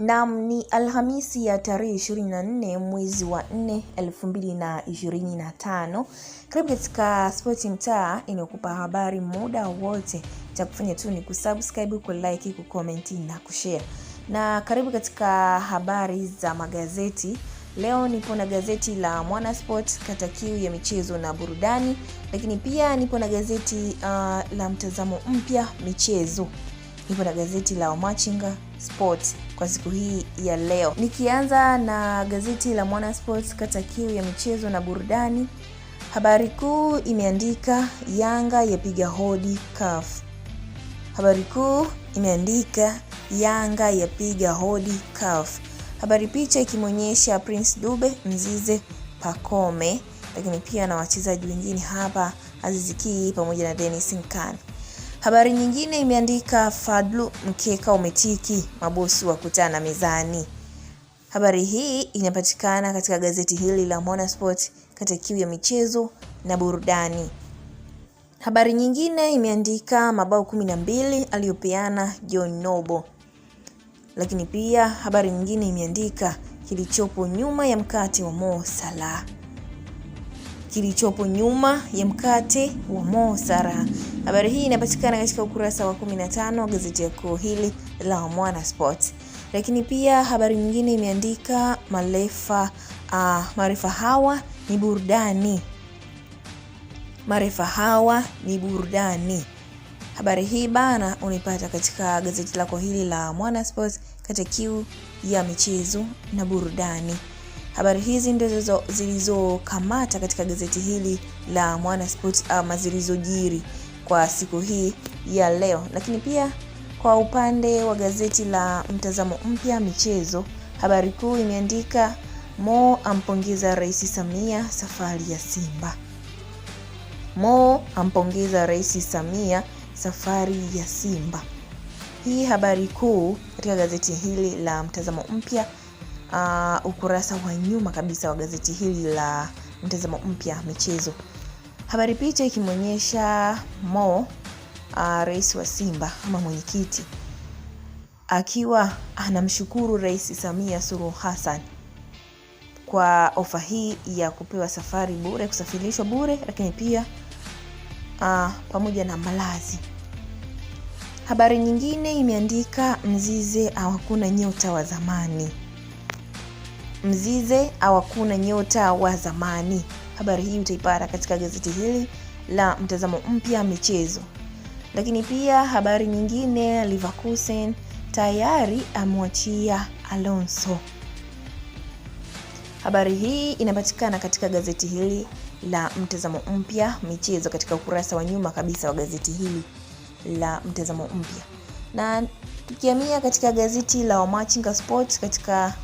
Naam, ni Alhamisi ya tarehe 24 mwezi wa 4 2025. Karibu katika Spoti Mtaa inayokupa habari muda wote. Cha kufanya tu ni kusubscribe, kulike, kucomment na kushare. Na karibu katika habari za magazeti. Leo nipo na gazeti la Mwanasport kata kiu ya michezo na burudani, lakini pia nipo na gazeti uh, la Mtazamo Mpya michezo niko na gazeti la Omachinga Sports kwa siku hii ya leo, nikianza na gazeti la Mwana Sports kata kiu ya michezo na burudani. Habari kuu imeandika Yanga yapiga hodi CAF. Habari kuu imeandika Yanga yapiga hodi CAF. Habari picha ikimwonyesha Prince Dube, Mzize, pakome lakini pia na wachezaji wengine hapa azizikii pamoja na Dennis nkani Habari nyingine imeandika Fadlu mkeka umetiki, mabosi wakutana mezani. Habari hii inapatikana katika gazeti hili la Mwanasport katika kiu ya michezo na burudani. Habari nyingine imeandika mabao 12 aliyopeana John Nobo. Lakini pia habari nyingine imeandika kilichopo nyuma ya mkate wa Mo Salah kilichopo nyuma ya mkate wa Mo Salah. Habari hii inapatikana katika ukurasa wa 15 gazeti ya kuu hili la Mwana Sport. Lakini pia habari nyingine imeandika marefa uh, marefa hawa ni burudani, marefa hawa ni burudani. Habari hii bana unaipata katika gazeti lako hili la Mwana Sport katika kiu ya michezo na burudani. Habari hizi ndizo zilizokamata katika gazeti hili la Mwana Sports ah, ama zilizojiri kwa siku hii ya leo. Lakini pia kwa upande wa gazeti la Mtazamo Mpya michezo, habari kuu imeandika Mo ampongeza Rais Samia safari ya Simba. Mo ampongeza Rais Samia safari ya Simba. Hii habari kuu katika gazeti hili la Mtazamo Mpya uh, ukurasa wa nyuma kabisa wa gazeti hili la mtazamo mpya michezo habari picha ikimwonyesha mo uh, rais wa simba ama mwenyekiti akiwa anamshukuru rais samia suluhu hassan kwa ofa hii ya kupewa safari bure kusafirishwa bure lakini pia uh, pamoja na malazi habari nyingine imeandika mzize hawakuna nyota wa zamani Mzize hawakuna nyota wa zamani. Habari hii utaipata katika gazeti hili la Mtazamo Mpya Michezo. Lakini pia habari nyingine, Leverkusen tayari amwachia Alonso. Habari hii inapatikana katika gazeti hili la Mtazamo Mpya Michezo, katika ukurasa wa nyuma kabisa wa gazeti hili la Mtazamo Mpya, na tukiamia katika gazeti la Wamachinga Sports katika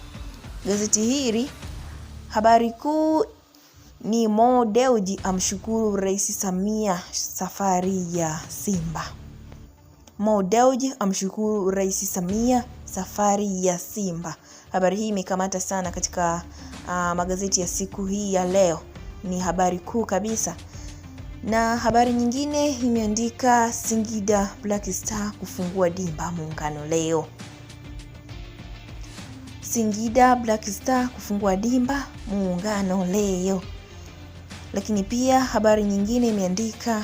Gazeti hili habari kuu ni Mo Dewji amshukuru Rais Samia safari ya Simba. Mo Dewji amshukuru Rais Samia safari ya Simba. Habari hii imekamata sana katika uh, magazeti ya siku hii ya leo, ni habari kuu kabisa. Na habari nyingine imeandika Singida Black Star kufungua dimba muungano leo. Singida Black Star kufungua dimba muungano leo. Lakini pia habari nyingine imeandika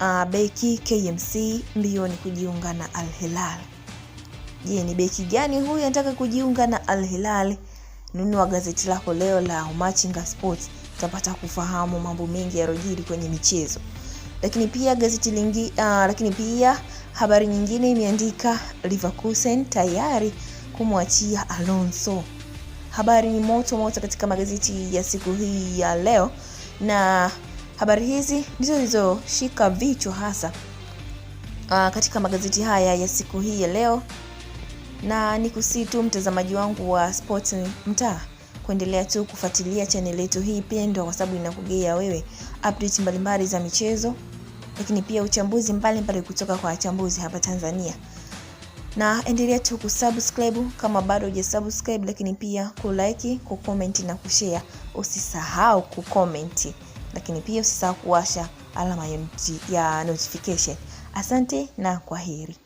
uh, beki KMC mbioni kujiunga na Al Hilal. Je, ni beki gani huyu anataka kujiunga na Al Hilal? Nunua gazeti lako leo la Umachinga Sports utapata kufahamu mambo mengi yarojiri kwenye michezo. Lakini pia gazeti lingi, uh, lakini pia habari nyingine imeandika Leverkusen tayari kumwachia Alonso. Habari ni moto moto katika magazeti ya siku hii ya leo, na habari hizi ndizo zilizoshika vichwa hasa uh, katika magazeti haya ya siku hii ya leo, na ni kusii tu mtazamaji wangu wa Sports Mtaa kuendelea tu kufuatilia chaneli yetu hii pendwa, kwa sababu inakugea wewe update mbalimbali za michezo, lakini pia uchambuzi mbalimbali kutoka kwa wachambuzi hapa Tanzania na endelea tu kusubscribe kama bado hujasubscribe, lakini pia kulike, kucomment na kushare. Usisahau kucomment, lakini pia usisahau kuwasha alama ya notification. Asante na kwaheri.